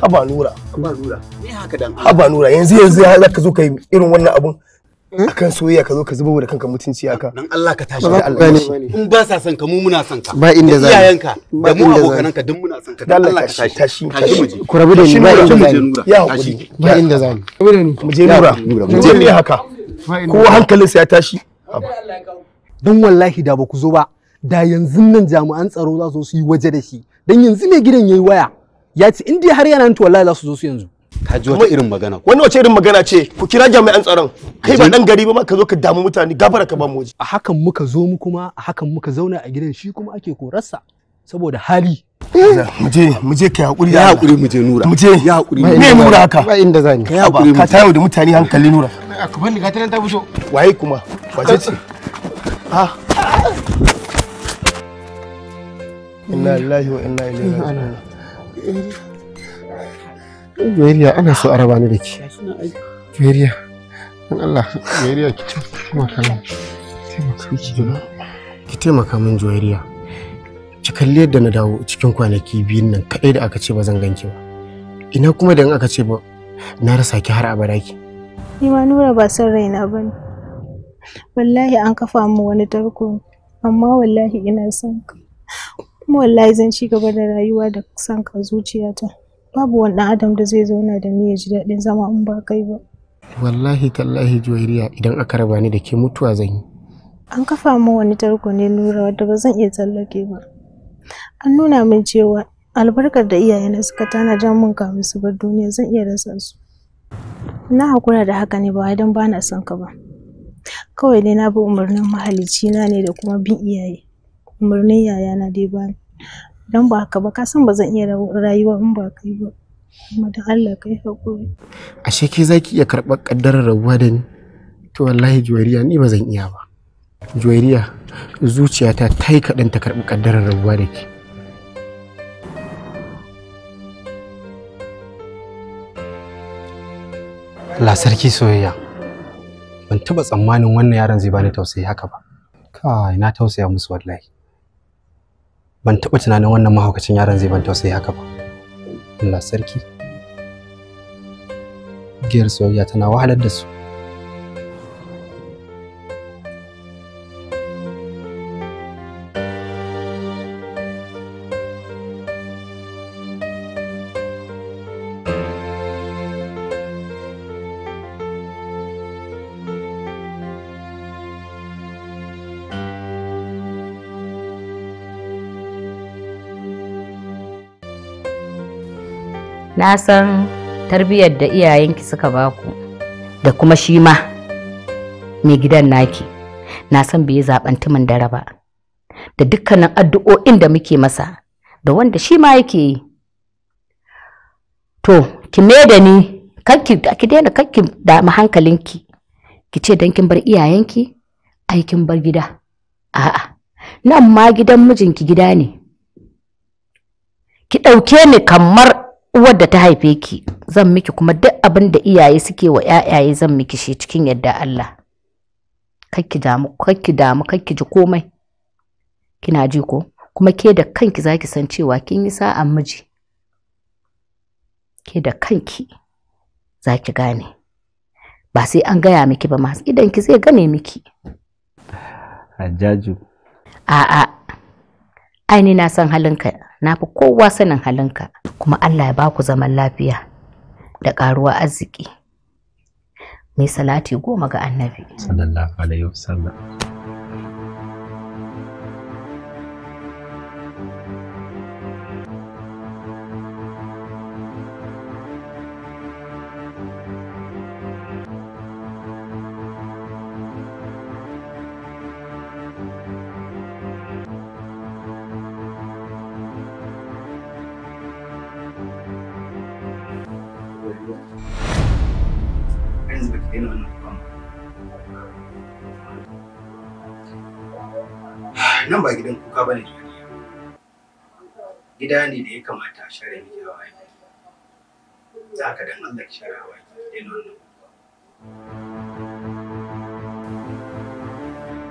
haba nura haba nura yanzu yanzu za ka zo ka yi irin wannan abun akan soyayya ka zo ka zuba da kanka mutunci haka dan Allah ka tashi da Allah in ba sa son ka mu muna son ka ba inda za da mu duk muna son ka dan Allah ka tashi tashi ku rabu da ni ba inda za ya hakuri ba inda za ni rabu ni mu je nura mu je ne haka kowa hankalinsa ya tashi dan wallahi da ba ku zo ba da yanzu nan jami'an tsaro za su yi waje da shi dan yanzu ne gidan yayi waya ya ce in dai har yana nan to wallahi za su zo su yanzu ka ji wata irin magana wani wace irin magana ce ku kira jami'an tsaron kai ba dan gari ba ma ka zo ka damu mutane gafara ka ba mu a hakan muka zo mu kuma a hakan muka zauna a gidan shi kuma ake korarsa saboda hali eh, muje muje kai hakuri ya hakuri muje nura muje ya hakuri me nura haka ba inda zani kai hakuri ka tayo da mutane hankali nura ka bani ga tanan ta fito waye kuma waje ce ha inna lillahi wa inna ilaihi raji'un Veriya ana so a raba ni da ke. Veriya. Dan Allah, Veriya ki taimaka min. Taimaka ki jira. Ki taimaka min Veriya. Ki kalli yadda na dawo cikin kwanaki biyun nan kaɗai da aka ce ba zan ganki ba. Ina kuma da in aka ce ba na rasa ki har abada ki. Ni ma Nura ba son raina ba ne. Wallahi an kafa min wani tarko amma wallahi ina son ka. kuma wallahi zan ci gaba da rayuwa da sanka ka zuciyata babu wani adam da zai zauna da ni ya ji daɗin zama in ba kai ba wallahi tallahi juwairiya idan aka raba ni da ke mutuwa zan yi an kafa mu wani tarko ne lura wadda ba zan iya tsallake ba an nuna min cewa albarkar da iyayena suka tana jan mun kamun su bar duniya zan iya rasa su na hakura da haka ne ba don ba na son ka ba kawai ne na bi umarnin na ne da kuma bin iyaye umarnin yayana da ba bani don ba haka ba ka san ba zan iya rayuwa in ba kai ba kuma da Allah kai hakuri ashe ke zaki iya karɓar kaddarar rabuwa da ni to wallahi juwariya ni ba zan iya ba juwariya zuciyata ta yi kaɗan ta karɓi kaddarar rabuwa da ke La sarki soyayya ban taɓa tsammanin wannan yaron zai bani tausayi haka ba kai na tausaya musu wallahi ban taɓa tunanin wannan mahaukacin yaron zai ban tausayi haka ba Allah sarki giyar soyayya tana wahalar da su san tarbiyyar da iyayenki suka baku da kuma shi ma mai gidan naki na san bai zaben tumin dare ba da dukkanin addu'o'in da muke masa da wanda shi ma yake yi to ki me da ni kanki ki daina kanki da hankalinki ki ce dan kin bar iyayenki ai kin bar gida a'a nan ma gidan mijinki gida ne ki ɗauke ni kamar uwar da ta haife ki zan miki kuma duk abin da iyaye suke wa ƴaƴaye zan miki shi cikin yadda Allah kakki damu kakki damu kakki ji komai kina ji ko kuma ke da kanki zaki san cewa kin yi sa'an miji ke da kanki zaki gane ba sai an gaya miki ba masu idan ki zai gane miki Hajjaju a'a ai na san halinka na fi kowa sanin halinka kuma Allah ya baku zaman lafiya da ƙaruwa arziki. Mai salati goma ga annabi. Sallallahu Alaihi Wasallam. nan ba gidan kuka bane jariya gida ne da ya kamata a share miki hawa ki za ka dan Allah ki share hawa ki daina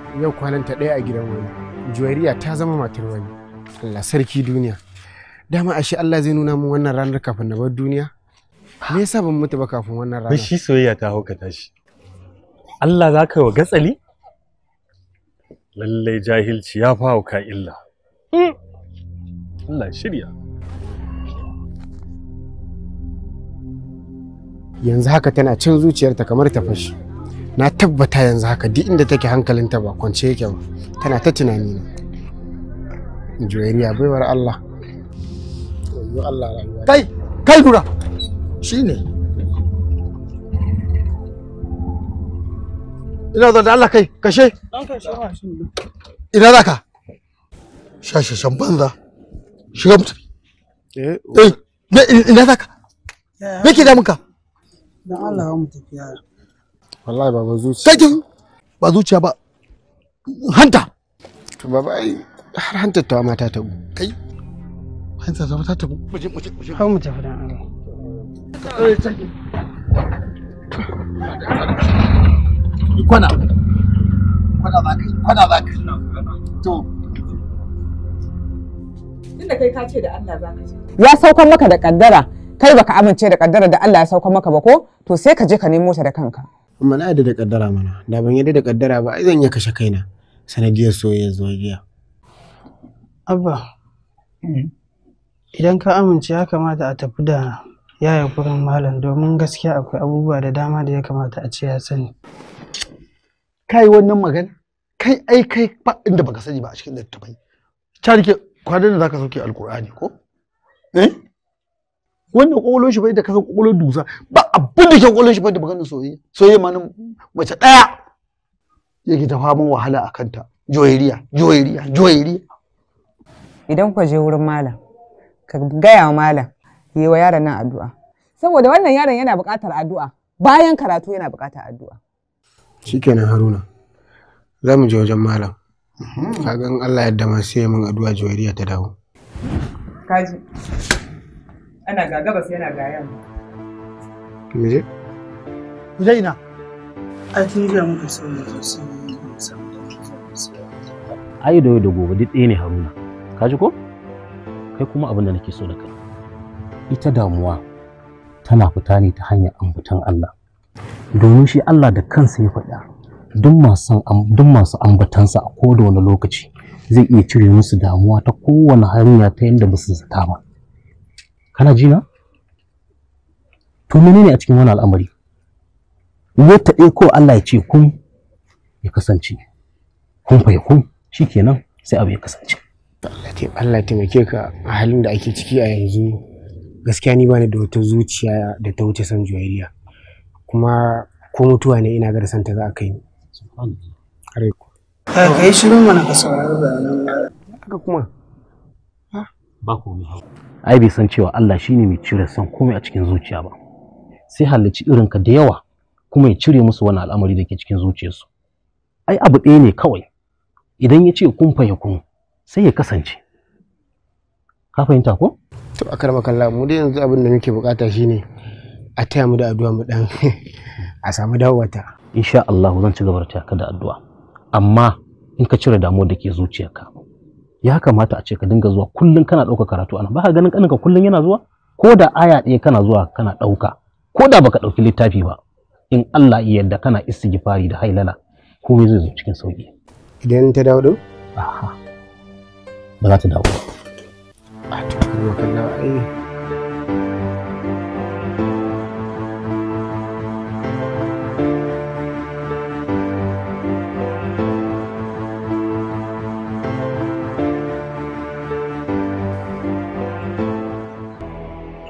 wannan yau kwananta ɗaya a gidan wani juwariya ta zama matar wani Allah sarki duniya dama ashe Allah zai nuna min wannan ranar kafin na bar duniya me yasa ban mutu ba kafin wannan ranar shi soyayya ta hauka tashi Allah za ka wa gatsali lallai jahilci ya fawo ka illa hmm. Allah shirya yanzu haka tana cin zuciyarta kamar ta fashi na tabbata yanzu haka duk inda take hankalinta ba kwance yake ba tana ta tunani ne baiwar Allah kai kai shine ina zan da Allah kai kashe ina za ka shashashan banza shiga mutum eh, eh oh. ina za ka me ke damun dan Allah mu tafiya wallahi zuciya ba zuciya ba hanta to har ta mata ta kai ta mata ta mu je mu je mu je har mu tafi dan Allah eh, kwana kwana za ka yi kwana za ka yi to tunda kai ka ce da Allah za ka ce ya saukan maka da kaddara kai baka amince da kaddara da Allah ya saukan maka ba ko to sai ka je ka nemo ta da kanka amma na yadda da kaddara mana da ban yadda da kaddara ba ai zan iya kashe kaina sanadiyar soyayya zuwa giya abba mm. idan ka amince ya kamata a tafi da yaya kurin malam domin gaskiya akwai abubuwa da dama da ya kamata a ce ya sani kai wannan magana kai ai kai ba inda baka sani ba a cikin littafai ta rike kwanan da zaka sauke alkur'ani ko eh wannan kokolon shi bai da kasan kokolon dusa ba abin da ke kokolon shi bai da maganar soyayya soyayya ma nan mace daya yake ta faman wahala a kanta joyeriya joyeriya joyeriya idan ku je wurin malam ka gaya wa malam yi wa yaron nan addu'a saboda wannan yaron yana buƙatar addu'a bayan karatu yana buƙatar addu'a shikenan haruna za mu je wajen malam kagan allah yadda ma sai mun addu'a juwariya ta dawo kaji ana ga gabas yana ga yamma me je ku a tun ga muka sauya mu je sun ai da da gobe duk ɗaya ne haruna kaji ko kai kuma abin da nake so da kai ita damuwa tana fita ne ta hanyar ambutan allah domin shi Allah da kansa ya faɗa duk masu ambatansa a koda wani lokaci zai iya cire musu damuwa ta kowane hanya ta yadda ba su zata ba kana jina to menene a cikin wani al'amari wata ɗaya ko Allah ya ce kun ya kasance kun fa shi kun shikenan sai abu ya kasance Allah taimake ka a halin da ake ciki a yanzu gaskiya ni bani da wata zuciya da ta wuce san juyayya kuma ko mutuwa ne ina garsan santa za a kai ni ka kai shirin mana ka saurari bayanan haka kuma ba komai ai bai san cewa Allah shine mai cire son komai a cikin zuciya ba sai halicci irinka da yawa kuma ya cire musu wani al'amari da ke cikin zuciyarsu ai abu ɗaya ne kawai idan ya ce kun fa kun sai ya kasance ka fahimta ko to akar makalla mu dai yanzu abin da muke bukata shine a taya mu da addu'a mu dan a samu dawowata insha Allah zan ci gaba da taya ka da addu'a amma in ka cire damuwar da ke zuciyarka ya kamata a ce ka dinga zuwa kullum kana ɗauka karatu ana ba ka ganin kaninka kullum yana zuwa ko da aya ɗaya kana zuwa kana ɗauka ko da baka ɗauki littafi ba in Allah ya yarda kana istighfari da hailala komai zai zo cikin sauki idan ta dawo din ba za ta dawo ba to ai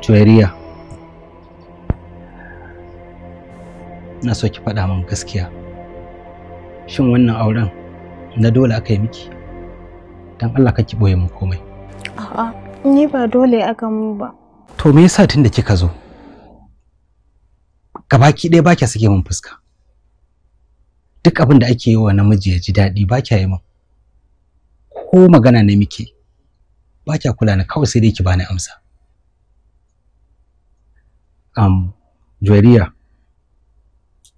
soyayya na so ki faɗa min gaskiya shin wannan auren na dole aka yi miki don Allah ka ki ɓoye min komai a'a ni ba dole aka mu ba to me yasa tun da kika zo gabaki ɗaya ba kya sake min fuska duk abin da ake yi wa namiji ya ji daɗi ba kya yi min ko magana ne miki ba kya kula na kawai sai dai ki bani amsa um, juriya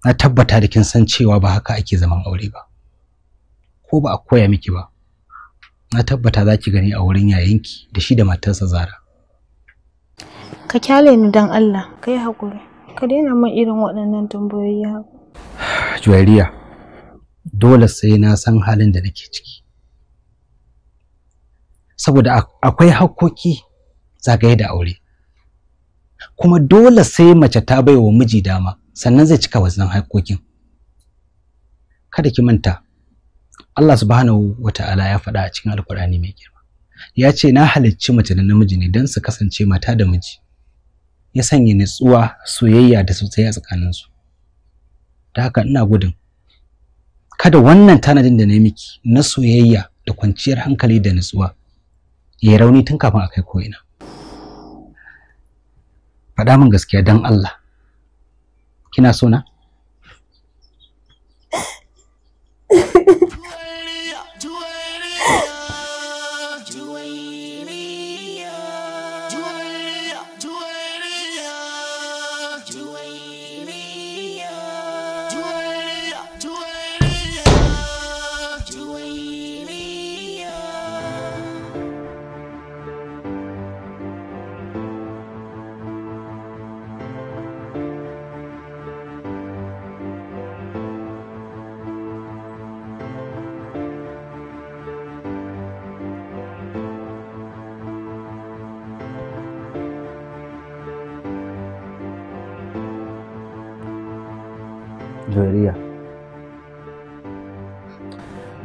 na tabbata da kin san cewa ba haka ake zaman aure ba. Ko ba a koya miki ba. Na tabbata za ki gani a wurin yayanki da shi da matarsa Zara. Ka kyale ni don Allah, ka yi haƙuri. Ka daina mun irin waɗannan tambayoyi haka. juriya dole sai na san halin da nake ciki. Saboda akwai hakkoki zagaye da aure. kuma dole sai mace ta bai wa miji dama sannan zai cika wannan haƙoƙin kada ki manta Allah subhanahu wata'ala ya faɗa a cikin alkur'ani mai girma ya ce na halicci mace da namiji ne don su kasance mata da miji ya sanya nutsuwa soyayya da sosai a tsakaninsu da haka ina gudun kada wannan tanadin da na miki na soyayya da kwanciyar hankali da nutsuwa ya rauni tun kafin a kai ko'ina faɗa min gaskiya don Allah kina so na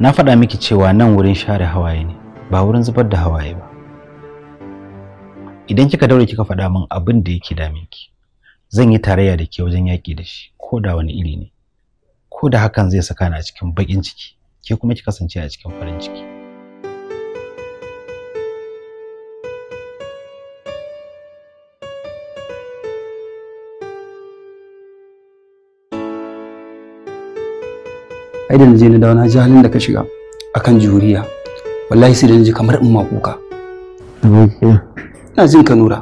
na faɗa miki cewa nan wurin share hawaye ne ba wurin zubar da hawaye ba idan kika daure kika faɗa min abin da yake dame ki zan yi tarayya da ke wajen yaƙi da shi ko da wani iri ne ko da hakan zai saka ni a cikin baƙin ciki ke kuma ki kasance a cikin farin ciki ai da na je na dawo na ji halin da ka shiga akan juriya wallahi sai da na ji kamar in ma kuka ina jin ka nura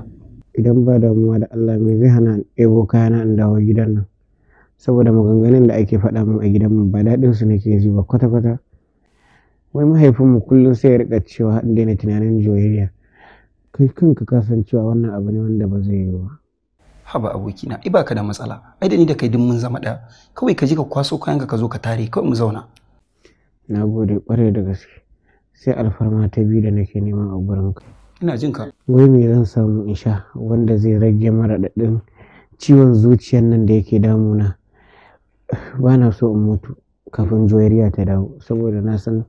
idan ba damuwa da Allah me zai hana ɗebo kayana in dawo gidan nan saboda maganganun da ake faɗa min a gidan mu ba daɗin su nake ji ba kwata kwata wai mahaifinmu kullum sai ya rika cewa in daina tunanin joyayya kai kanka kasancewa wannan abu ne wanda ba zai yi ba haba abokina ai baka da matsala ai da ni da kai duk mun zama ɗaya kawai ka je ka kwaso kayan ka zo ka tare kawai mu zauna na gode kwarai da gaske sai alfarma ta biyu da nake nema a ka ina jin ka wai me zan samu in sha wanda zai rage mara daɗin ciwon zuciyar nan da yake damuna ba na so in mutu kafin joyariya ta dawo saboda na san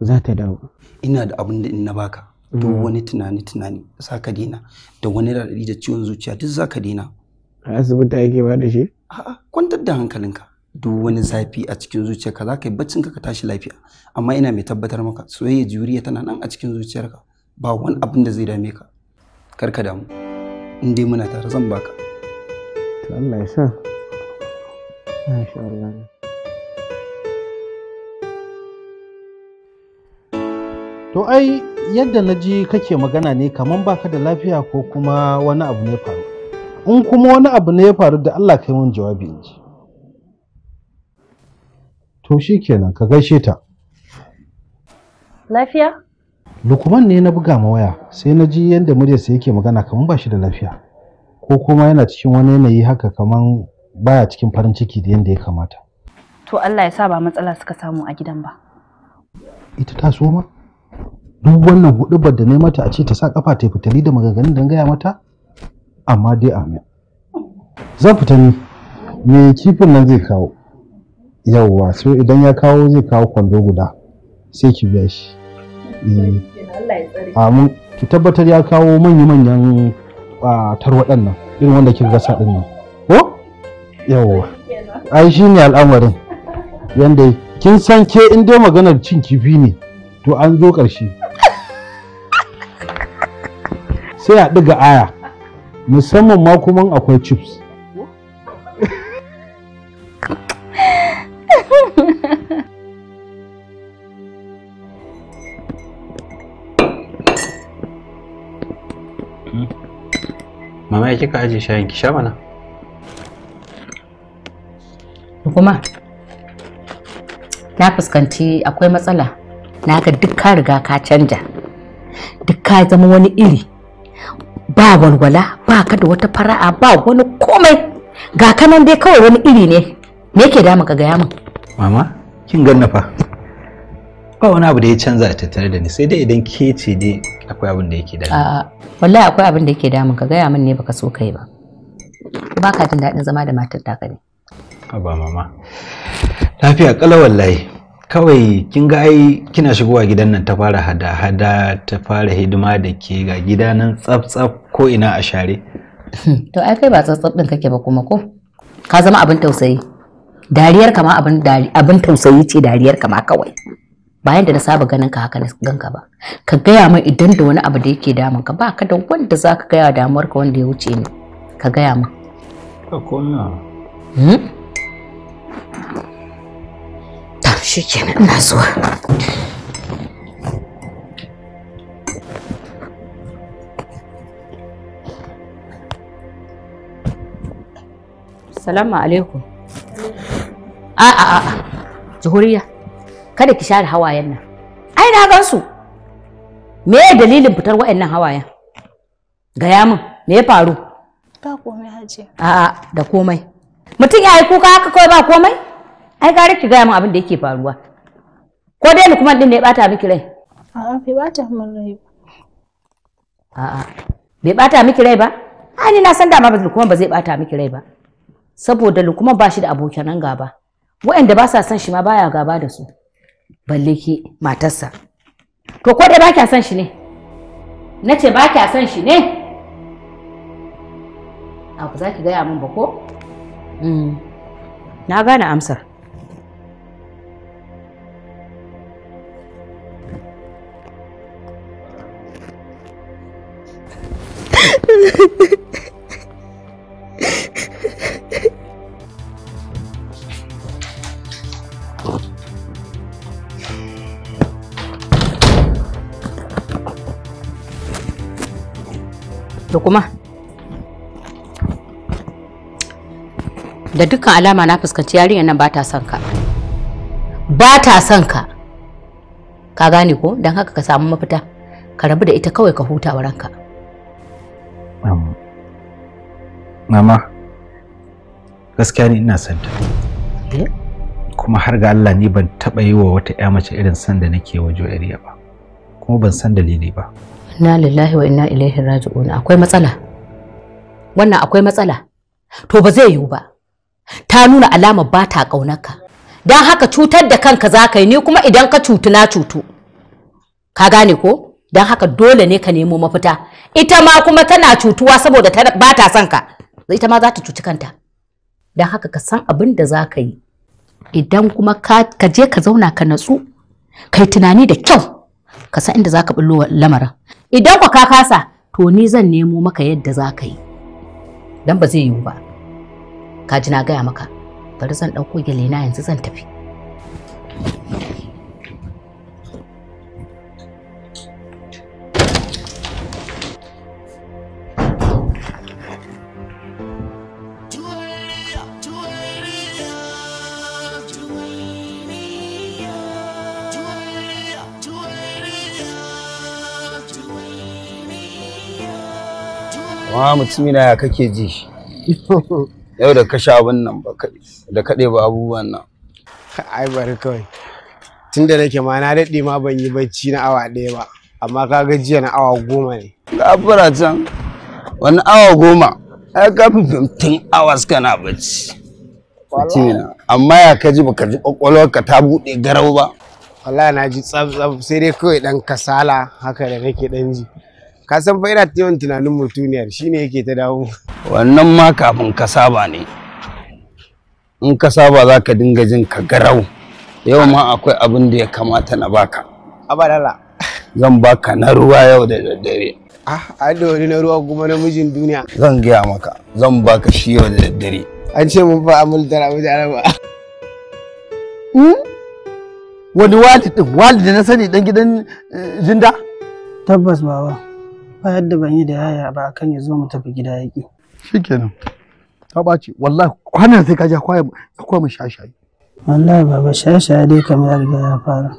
za ta dawo ina da abin da in na baka duk mm. wani tunani tunani za ka dina da wani raɗaɗi da ciwon zuciya duk za ka dina. a asibiti ake ba da shi a'a kwantar da hankalinka duk wani zafi a cikin zuciyarka za ka yi baccin ka tashi lafiya amma ina mai tabbatar maka soyayya juriya tana nan a cikin zuciyarka ba wani abin da zai dame ka kar ka damu in dai muna tare zan baka to Allah ya sa Masha Allah to ai yadda na ji kake magana ne kaman baka da lafiya ko kuma wani abu ne faru in kuma wani abu ne ya faru da Allah kai mun jawabi in ji to shi kenan ka gaishe ta lafiya Lukman ne na buga ma waya sai na ji yadda muryarsa yake magana kaman ba shi da lafiya ko kuma yana cikin wani yanayi haka kamar baya cikin farin ciki da yadda ya kamata to Allah ya sa ba matsala suka samu a gidan ba ita ta so ma duk wannan hudubar da ne mata a ce ta sa kafa ta fitali da maganganun da gaya mata amma dai amin zan fita ni me kifin nan zai kawo yawwa so idan ya kawo zai kawo kwando guda sai ki biya shi eh. amin ki tabbatar ya kawo manya-manyan tarwaɗan nan irin wanda kika gasa ɗin nan ko yawwa ai shi ne al'amarin yanda kin san ke in dai maganar cin kifi ne to an zo ƙarshe sai a ɗiga aya musamman ma kuma akwai chips mama ya kika aje shayin ki sha mana kuma na fuskanci akwai matsala na ga duk ka riga ka canja duk ka zama wani iri ba walwala ba ka da wata fara'a ba wani komai ga kanan dai kawai wani iri ne me yake damu ka gaya min mama kin ganna fa ba wani abu da ya canza a tattare da ni sai dai idan ke ce dai akwai abin da yake damu a'a wallahi akwai abin da yake damu ka gaya min ne baka so kai ba ba ka jin daɗin zama da matar ta ne ba mama lafiya kala wallahi kawai kin ga ai kina shigowa gidan nan ta fara hada-hada ta fara hidima da ke ga gida nan tsaf-tsaf ko ina a share to ai kai ba tsaf-tsaf din kake ba kuma ko ka zama abin tausayi dariyar kama abin abin tausayi ce dariyar kama kawai bayan da na saba ganin ka haka na ganka ba ka gaya mai idan da wani abu da yake damun ka ba ka da wanda za ka gaya damuwar ka wanda ya wuce ni ka gaya min ka kona hmm? shi kenan ina zuwa Salamu alaikum. A a a Juhuriya, kada ki share hawayen nan. Ai na gan su. Me ya dalilin fitar wa'annan hawayen? Gaya min, me ya faru? Ba komai haje. A a da komai. Mutum ya yi kuka haka kawai ba komai? ai gare ki gaya min abin da yake faruwa ko dai lukman din ne ya bata miki rai a'a bai bata min rai a'a bai bata miki rai ba ai ni na san dama lukman ba zai bata miki rai ba saboda lukman ba shi da abokanan gaba waɗanda ba sa son shi ma baya gaba da su balle ki matarsa to ko dai ba kya son shi ne na ce ba kya son shi ne a ku za ki gaya min ba ko hmm. na gane amsar da dukkan alama na fuskanci yarinyar nan ba ta son ka ba ta son ka ka gane ko don haka ka samu mafita ka rabu da ita kawai ka huta wa ranka mama gaskiya ne ina son ta eh? kuma har ga Allah ni ban taba yi wa wata ƴa mace irin san da nake wa Jo'ariya ba kuma ban san dalili ba inna lillahi wa inna ilaihi raji'un akwai matsala wannan akwai matsala to ba zai yiwu ba ta nuna alama ba ta ƙaunarka don haka cutar da kanka za ka yi ni kuma idan ka cutu na cutu ka gane ko don haka dole ne ka nemo mafita ita ma kuma tana cutuwa saboda ba ta son ka ita ma za ta cuci kanta don haka ka san abin da za ka yi idan kuma ka je ka zauna ka natsu yi tunani da kyau ka san inda za ka bullo lamarin idan ka kasa to ni zan nemo maka yadda za ka yi don ba zai yiwu ba ka ji na gaya maka bari zan ɗauko gyale na yanzu zan tafi Wa mutumina ya kake ji? yau da ka sha abin nan ba da kaɗai ba abubuwan nan ai bari kawai tun da nake ma na daɗe ma ban yi bacci na awa ɗaya ba amma ka ga jiya na awa goma ne ga abura can wani awa goma ai ka fi awa suka na bacci amma ya ka ji baka ji ka ta buɗe garau ba wallahi na ji tsaf tsaf sai dai kawai dan kasala haka da nake dan ji ka san fa ina yawan tunanin mutuniyar shine yake ta dawo wannan ma kafin ka saba ne in ka saba za ka dinga jin ka garau yau ma akwai abin da ya kamata na baka abadala zan baka na ruwa yau da daddare ah da ni na ruwa kuma na mijin duniya zan gaya maka zan baka shi yau da daddare an ce mun fa amul da abu da ba hmm? wani walid din walid da na sani dan gidan eh, jinda tabbas baba ba yadda ban yi da yaya ba akan ya zo mu tafi gida yaƙi shikenan ta ɓaci wallahi kwanan sai ka ja kwaya ya kwaya mu shashaye. wallahi baba shashayi dai kamar ya riga ya fara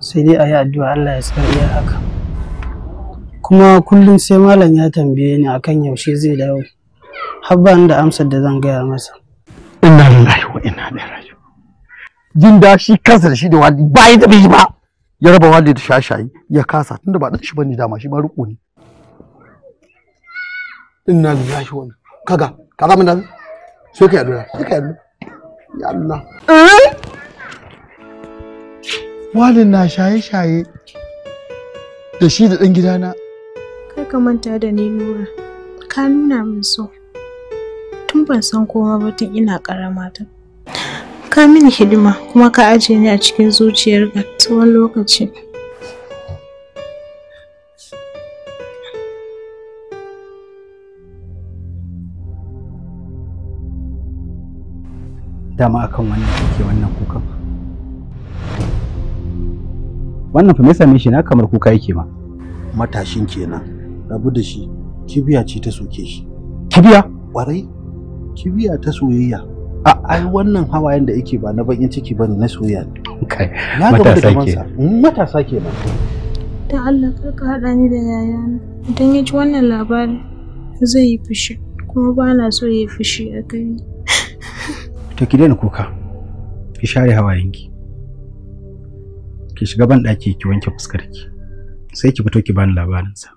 sai dai a yi addu'a Allah ya tsare iya haka kuma kullum sai malam ya tambaye ni akan yaushe zai dawo har ba da amsar da zan gaya masa inna lillahi wa inna ilaihi raji'un jin da shi kansa da shi da wali ba yi bai yi ba ya raba wali da shashayi ya kasa tunda ba dan shi bane dama shi ba riko ne inna lillahi wa kaga ka zama nan sai ka yadda sai ka yadda ya Allah eh? walin na shaye-shaye da shi da ɗan gidana kai ka manta da ni nura ka nuna min so tun ban san kowa ba tun ina karama ta ka mini hidima kuma ka ajiye ni a cikin zuciyarka tsawon lokaci dama akan wannan kake wannan kukan wannan fa me same shi na kamar kuka yake ma matashin kenan rabu da shi kibiya ce ta soke shi kibiya kwarai kibiya ta soyayya a ai wannan hawayen da yake ba na bakin ciki bane na soyayya kai matasa ke mm, matasa ke ba ta Allah kar ka hada ni da yayana idan ya ji wannan labarin zai yi fushi kuma ba na so ya yi fushi a kai to ki daina kuka ki share hawayenki ki shiga ban ɗaki ki wanke fuskarki sai ki fito ki bani labarinsa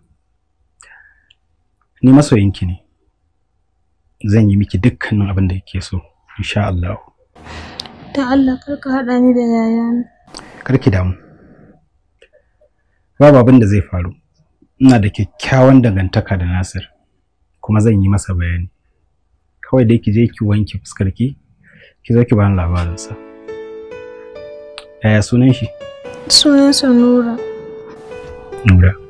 ni masoyinki ne zan yi miki dukkanin abin da kike so insha Allah ta Allah kar ka haɗa ni da yayana kar ki damu babu abin da zai faru ina da kyakkyawan dangantaka da Nasir kuma zan yi masa bayani kawai dai ki je ki wanke fuskarki ki zo ki bani sa yaya sunan shi sa nura nura